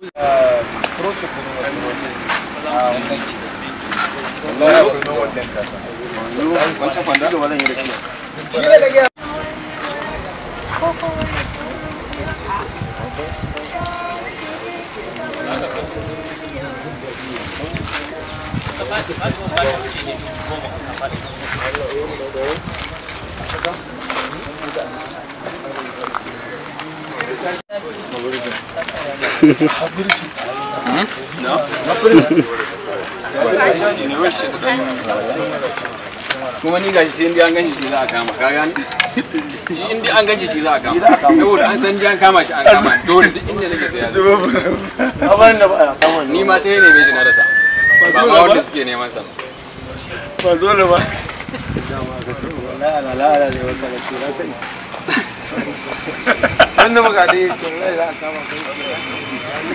브로치 보는 거 브로치 뭐 아 엉덩치 올라가 그놈을 땡겨서 완전 반다 이거 완전 이렇게 기다려 Thank you. kuma ni gashi sai inda an ganshi shi za a kama ka gani shi inda an ganshi shi za a kama saboda an san an kama shi an kama dole duk inda nake sai ya ni ma sai ne meji na rasa ba ma wanda suke neman sa ba dole ba wannan magana ne to za a kama kai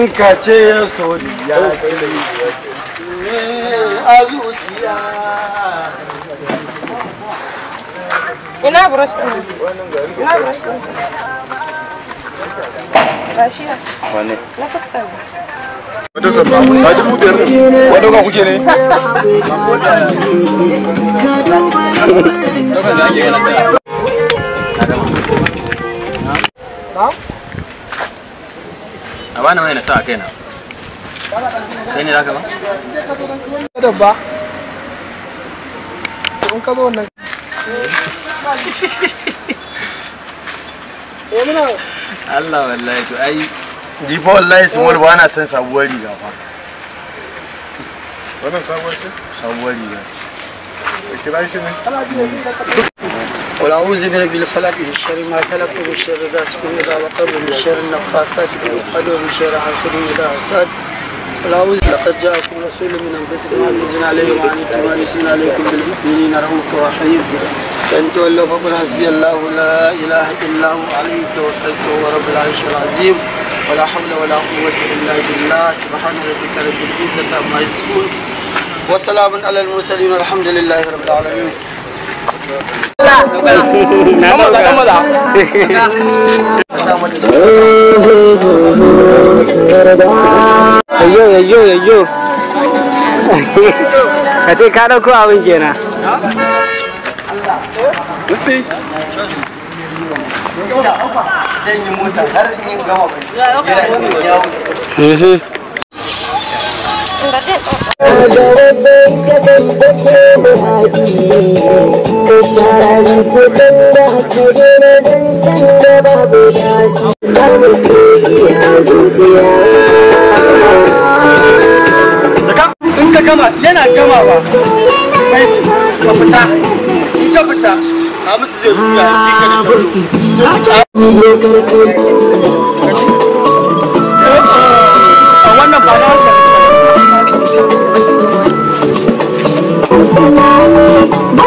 in ka ce ya sori ya a zuciya ina ina rashiya wane na fuskar sabba ba ji wadda kuke ne bani mai na sa a kaina kai ne zaka ba kada ba in ka zo wannan eh, Allah wallahi to ai ni wallahi sun wani sabuwar riga fa wannan sabuwar ce sabuwar riga ce kira shi ne قل أعوذ برب الفلق من شر ما خلق ومن شر غاسق إذا وقب ومن شر النفاثات في العقد ومن شر حاسد إذا حسد قل أعوذ لقد جاءكم رسول من أنفسكم عزيز عليهم وعليكم عنتم عليكم بالمؤمنين رحمة رحيم فإن تولوا فقل حسبي الله لا إله إلا هو عليه توكلت وهو رب العرش العظيم ولا حول ولا قوة إلا بالله سبحان ربك رب العزة عما يصفون وسلام على المرسلين والحمد لله رب العالمين Kamu tak, kamu tak. Ayo, ayo, ayo. Aje kah nak kau awin je na. Mesti. Mhm. Enggak deh. sharan tudun da hakuri na zancen da in ka gama yana gamawa bai ka fita ka fita a musu zai juya a wannan ba